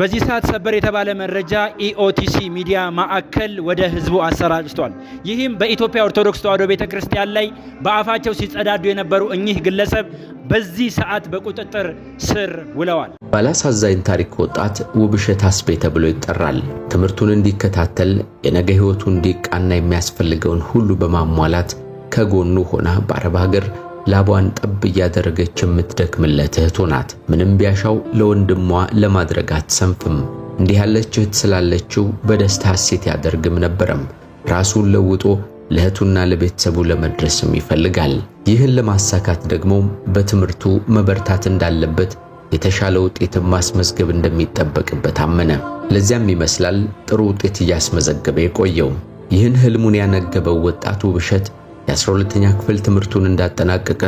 በዚህ ሰዓት ሰበር የተባለ መረጃ ኢኦቲሲ e ሚዲያ ማዕከል ወደ ህዝቡ አሰራጭቷል። ይህም በኢትዮጵያ ኦርቶዶክስ ተዋሕዶ ቤተ ክርስቲያን ላይ በአፋቸው ሲጸዳዱ የነበሩ እኚህ ግለሰብ በዚህ ሰዓት በቁጥጥር ስር ውለዋል። ባላሳዛኝ ታሪክ ወጣት ውብሸት አስቤ ተብሎ ይጠራል። ትምህርቱን እንዲከታተል የነገ ህይወቱ እንዲቃና የሚያስፈልገውን ሁሉ በማሟላት ከጎኑ ሆና በአረብ ሀገር ላቧን ጠብ እያደረገች የምትደክምለት እህቱ ናት። ምንም ቢያሻው ለወንድሟ ለማድረግ አትሰንፍም። እንዲህ ያለች እህት ስላለችው በደስታ ሐሴት ያደርግም ነበረም። ራሱን ለውጦ ለእህቱና ለቤተሰቡ ለመድረስም ይፈልጋል። ይህን ለማሳካት ደግሞ በትምህርቱ መበርታት እንዳለበት የተሻለ ውጤትን ማስመዝገብ እንደሚጠበቅበት አመነ። ለዚያም ይመስላል ጥሩ ውጤት እያስመዘገበ የቆየው። ይህን ህልሙን ያነገበው ወጣቱ ብሸት የ12ኛ ክፍል ትምህርቱን እንዳጠናቀቀ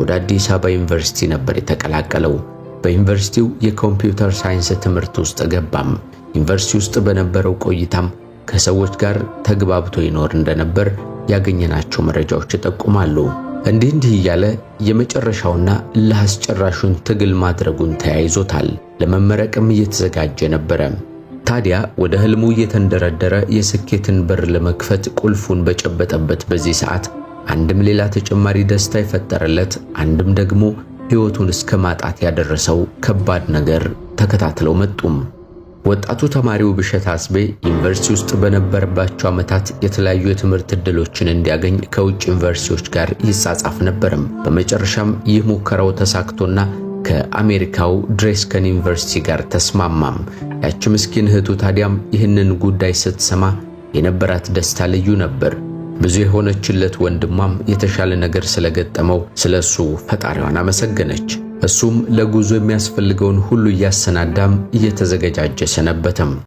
ወደ አዲስ አበባ ዩኒቨርሲቲ ነበር የተቀላቀለው። በዩኒቨርሲቲው የኮምፒውተር ሳይንስ ትምህርት ውስጥ ገባም። ዩኒቨርሲቲ ውስጥ በነበረው ቆይታም ከሰዎች ጋር ተግባብቶ ይኖር እንደነበር ያገኘናቸው መረጃዎች ይጠቁማሉ። እንዲህ እንዲህ እያለ የመጨረሻውና ለአስጨራሹን ትግል ማድረጉን ተያይዞታል። ለመመረቅም እየተዘጋጀ ነበረ። ታዲያ ወደ ህልሙ እየተንደረደረ የስኬትን በር ለመክፈት ቁልፉን በጨበጠበት በዚህ ሰዓት አንድም ሌላ ተጨማሪ ደስታ የፈጠረለት አንድም ደግሞ ሕይወቱን እስከ ማጣት ያደረሰው ከባድ ነገር ተከታትለው መጡም። ወጣቱ ተማሪው ብሸት አስቤ ዩኒቨርሲቲ ውስጥ በነበረባቸው ዓመታት የተለያዩ የትምህርት ዕድሎችን እንዲያገኝ ከውጭ ዩኒቨርሲቲዎች ጋር ይጻጻፍ ነበርም። በመጨረሻም ይህ ሙከራው ተሳክቶና ከአሜሪካው ድሬስከን ዩኒቨርሲቲ ጋር ተስማማም። ያች ምስኪን እህቱ ታዲያም ይህንን ጉዳይ ስትሰማ የነበራት ደስታ ልዩ ነበር። ብዙ የሆነችለት ወንድሟም የተሻለ ነገር ስለገጠመው ስለሱ ፈጣሪዋን አመሰገነች። እሱም ለጉዞ የሚያስፈልገውን ሁሉ እያሰናዳም እየተዘገጃጀ ሰነበተም።